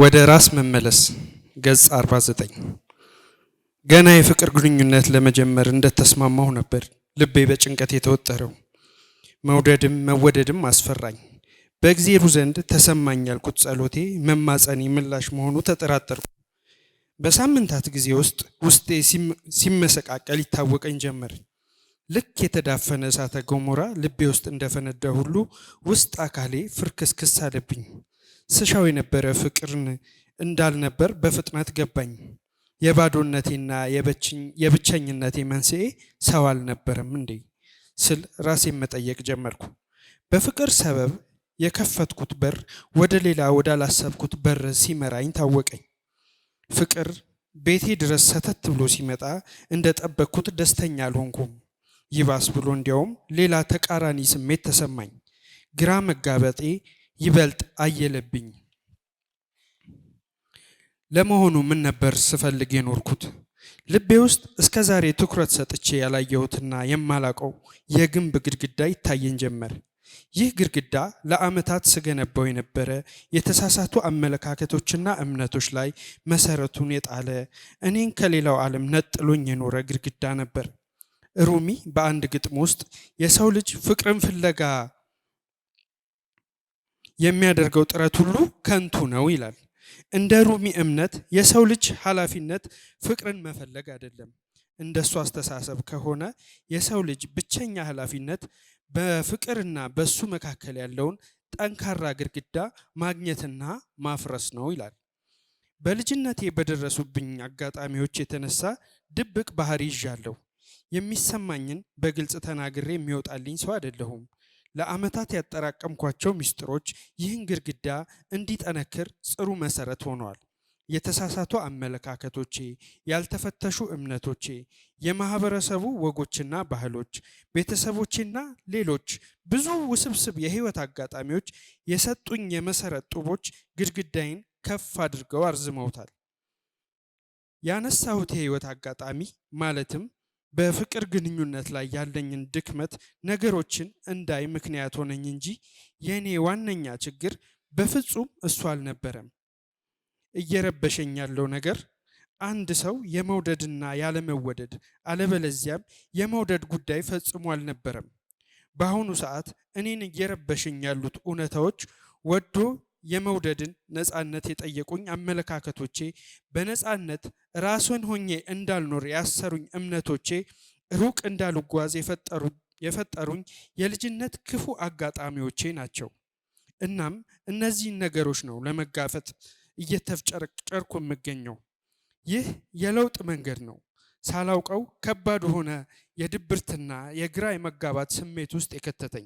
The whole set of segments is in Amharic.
ወደ ራስ መመለስ ገጽ 49 ገና የፍቅር ግንኙነት ለመጀመር እንደተስማማሁ ነበር ልቤ በጭንቀት የተወጠረው። መውደድም መወደድም አስፈራኝ። በእግዚአብሔር ዘንድ ተሰማኝ ያልኩት ጸሎቴ መማጸኔ ምላሽ መሆኑ ተጠራጠርኩ። በሳምንታት ጊዜ ውስጥ ውስጤ ሲመሰቃቀል ይታወቀኝ ጀመር። ልክ የተዳፈነ እሳተ ገሞራ ልቤ ውስጥ እንደፈነዳ ሁሉ ውስጥ አካሌ ፍርክስክስ አለብኝ። ስሻው የነበረ ፍቅርን እንዳልነበር በፍጥነት ገባኝ። የባዶነቴና የብቸኝነቴ መንስኤ ሰው አልነበረም እንዴ ስል ራሴን መጠየቅ ጀመርኩ። በፍቅር ሰበብ የከፈትኩት በር ወደ ሌላ ወዳላሰብኩት በር ሲመራኝ ታወቀኝ። ፍቅር ቤቴ ድረስ ሰተት ብሎ ሲመጣ ጠበቅኩት ደስተኛ አልሆንኩም። ይባስ ብሎ እንዲያውም ሌላ ተቃራኒ ስሜት ተሰማኝ። ግራ መጋበጤ ይበልጥ አየለብኝ። ለመሆኑ ምን ነበር ስፈልግ የኖርኩት? ልቤ ውስጥ እስከ ዛሬ ትኩረት ሰጥቼ ያላየሁትና የማላቀው የግንብ ግድግዳ ይታየኝ ጀመር። ይህ ግድግዳ ለዓመታት ስገነባው የነበረ የተሳሳቱ አመለካከቶችና እምነቶች ላይ መሰረቱን የጣለ እኔን ከሌላው ዓለም ነጥሎኝ የኖረ ግድግዳ ነበር። ሩሚ በአንድ ግጥም ውስጥ የሰው ልጅ ፍቅርን ፍለጋ የሚያደርገው ጥረት ሁሉ ከንቱ ነው ይላል። እንደ ሩሚ እምነት የሰው ልጅ ኃላፊነት ፍቅርን መፈለግ አይደለም። እንደሱ አስተሳሰብ ከሆነ የሰው ልጅ ብቸኛ ኃላፊነት በፍቅርና በሱ መካከል ያለውን ጠንካራ ግድግዳ ማግኘትና ማፍረስ ነው ይላል። በልጅነቴ በደረሱብኝ አጋጣሚዎች የተነሳ ድብቅ ባህሪ ይዣለሁ። የሚሰማኝን በግልጽ ተናግሬ የሚወጣልኝ ሰው አይደለሁም። ለዓመታት ያጠራቀምኳቸው ምስጢሮች ይህን ግድግዳ እንዲጠነክር ጽሩ መሰረት ሆኗል። የተሳሳቱ አመለካከቶቼ፣ ያልተፈተሹ እምነቶቼ፣ የማህበረሰቡ ወጎችና ባህሎች፣ ቤተሰቦቼና ሌሎች ብዙ ውስብስብ የህይወት አጋጣሚዎች የሰጡኝ የመሰረት ጡቦች ግድግዳዬን ከፍ አድርገው አርዝመውታል። ያነሳሁት የህይወት አጋጣሚ ማለትም በፍቅር ግንኙነት ላይ ያለኝን ድክመት ነገሮችን እንዳይ ምክንያት ሆነኝ እንጂ የእኔ ዋነኛ ችግር በፍጹም እሱ አልነበረም። እየረበሸኝ ያለው ነገር አንድ ሰው የመውደድና ያለመወደድ አለበለዚያም የመውደድ ጉዳይ ፈጽሞ አልነበረም። በአሁኑ ሰዓት እኔን እየረበሸኝ ያሉት እውነታዎች ወዶ የመውደድን ነፃነት የጠየቁኝ አመለካከቶቼ፣ በነፃነት ራስን ሆኜ እንዳልኖር ያሰሩኝ እምነቶቼ፣ ሩቅ እንዳልጓዝ የፈጠሩኝ የልጅነት ክፉ አጋጣሚዎቼ ናቸው። እናም እነዚህን ነገሮች ነው ለመጋፈጥ እየተፍጨረጨርኩ የምገኘው። ይህ የለውጥ መንገድ ነው። ሳላውቀው ከባድ ሆነ የድብርትና የግራ የመጋባት ስሜት ውስጥ የከተተኝ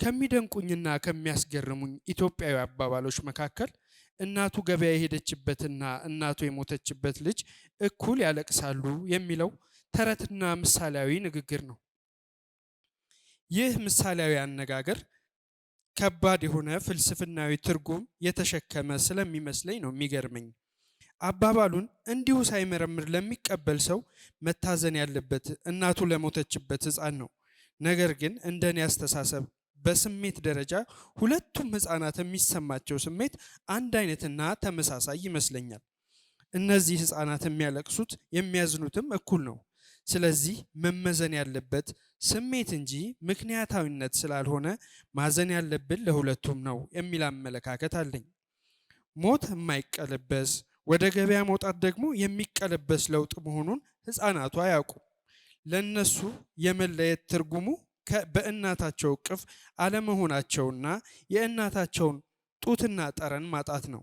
ከሚደንቁኝና ከሚያስገርሙኝ ኢትዮጵያዊ አባባሎች መካከል እናቱ ገበያ የሄደችበትና እናቱ የሞተችበት ልጅ እኩል ያለቅሳሉ የሚለው ተረትና ምሳሌያዊ ንግግር ነው። ይህ ምሳሌያዊ አነጋገር ከባድ የሆነ ፍልስፍናዊ ትርጉም የተሸከመ ስለሚመስለኝ ነው የሚገርመኝ። አባባሉን እንዲሁ ሳይመረምር ለሚቀበል ሰው መታዘን ያለበት እናቱ ለሞተችበት ሕፃን ነው። ነገር ግን እንደኔ አስተሳሰብ በስሜት ደረጃ ሁለቱም ህፃናት የሚሰማቸው ስሜት አንድ አይነትና ተመሳሳይ ይመስለኛል። እነዚህ ህፃናት የሚያለቅሱት የሚያዝኑትም እኩል ነው። ስለዚህ መመዘን ያለበት ስሜት እንጂ ምክንያታዊነት ስላልሆነ ማዘን ያለብን ለሁለቱም ነው የሚል አመለካከት አለኝ። ሞት የማይቀለበስ ወደ ገበያ መውጣት ደግሞ የሚቀለበስ ለውጥ መሆኑን ህፃናቱ አያውቁም። ለእነሱ የመለየት ትርጉሙ በእናታቸው እቅፍ አለመሆናቸውና የእናታቸውን ጡትና ጠረን ማጣት ነው።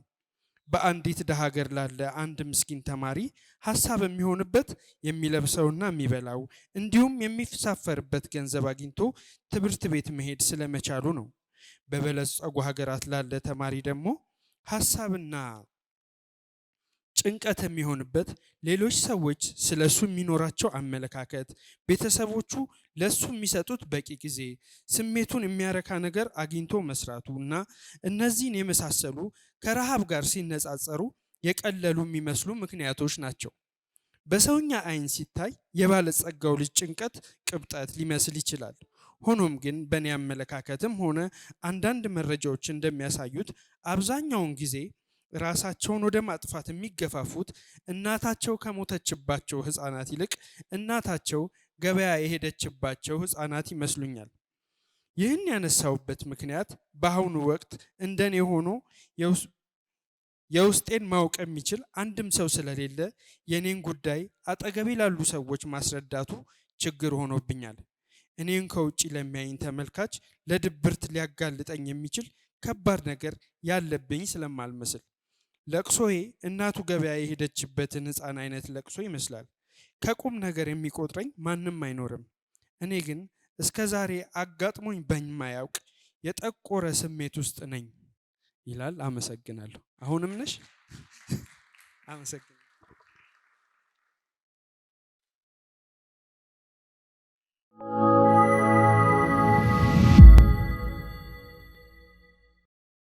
በአንዲት ድሃ ሀገር ላለ አንድ ምስኪን ተማሪ ሀሳብ የሚሆንበት የሚለብሰውና የሚበላው እንዲሁም የሚሳፈርበት ገንዘብ አግኝቶ ትምህርት ቤት መሄድ ስለመቻሉ ነው። በበለጸጉ ሀገራት ላለ ተማሪ ደግሞ ሀሳብና ጭንቀት የሚሆንበት ሌሎች ሰዎች ስለ እሱ የሚኖራቸው አመለካከት፣ ቤተሰቦቹ ለእሱ የሚሰጡት በቂ ጊዜ፣ ስሜቱን የሚያረካ ነገር አግኝቶ መስራቱ እና እነዚህን የመሳሰሉ ከረሃብ ጋር ሲነጻጸሩ የቀለሉ የሚመስሉ ምክንያቶች ናቸው። በሰውኛ አይን ሲታይ የባለጸጋው ልጅ ጭንቀት ቅብጠት ሊመስል ይችላል። ሆኖም ግን በእኔ አመለካከትም ሆነ አንዳንድ መረጃዎች እንደሚያሳዩት አብዛኛውን ጊዜ ራሳቸውን ወደ ማጥፋት የሚገፋፉት እናታቸው ከሞተችባቸው ህፃናት ይልቅ እናታቸው ገበያ የሄደችባቸው ህፃናት ይመስሉኛል። ይህን ያነሳውበት ምክንያት በአሁኑ ወቅት እንደኔ ሆኖ የውስጤን ማወቅ የሚችል አንድም ሰው ስለሌለ የኔን ጉዳይ አጠገቤ ላሉ ሰዎች ማስረዳቱ ችግር ሆኖብኛል። እኔን ከውጭ ለሚያይኝ ተመልካች ለድብርት ሊያጋልጠኝ የሚችል ከባድ ነገር ያለብኝ ስለማልመስል ለቅሶዬ እናቱ ገበያ የሄደችበትን ሕፃን አይነት ለቅሶ ይመስላል። ከቁም ነገር የሚቆጥረኝ ማንም አይኖርም። እኔ ግን እስከ ዛሬ አጋጥሞኝ በማያውቅ የጠቆረ ስሜት ውስጥ ነኝ ይላል። አመሰግናለሁ። አሁንም ነሽ? አመሰግናለሁ።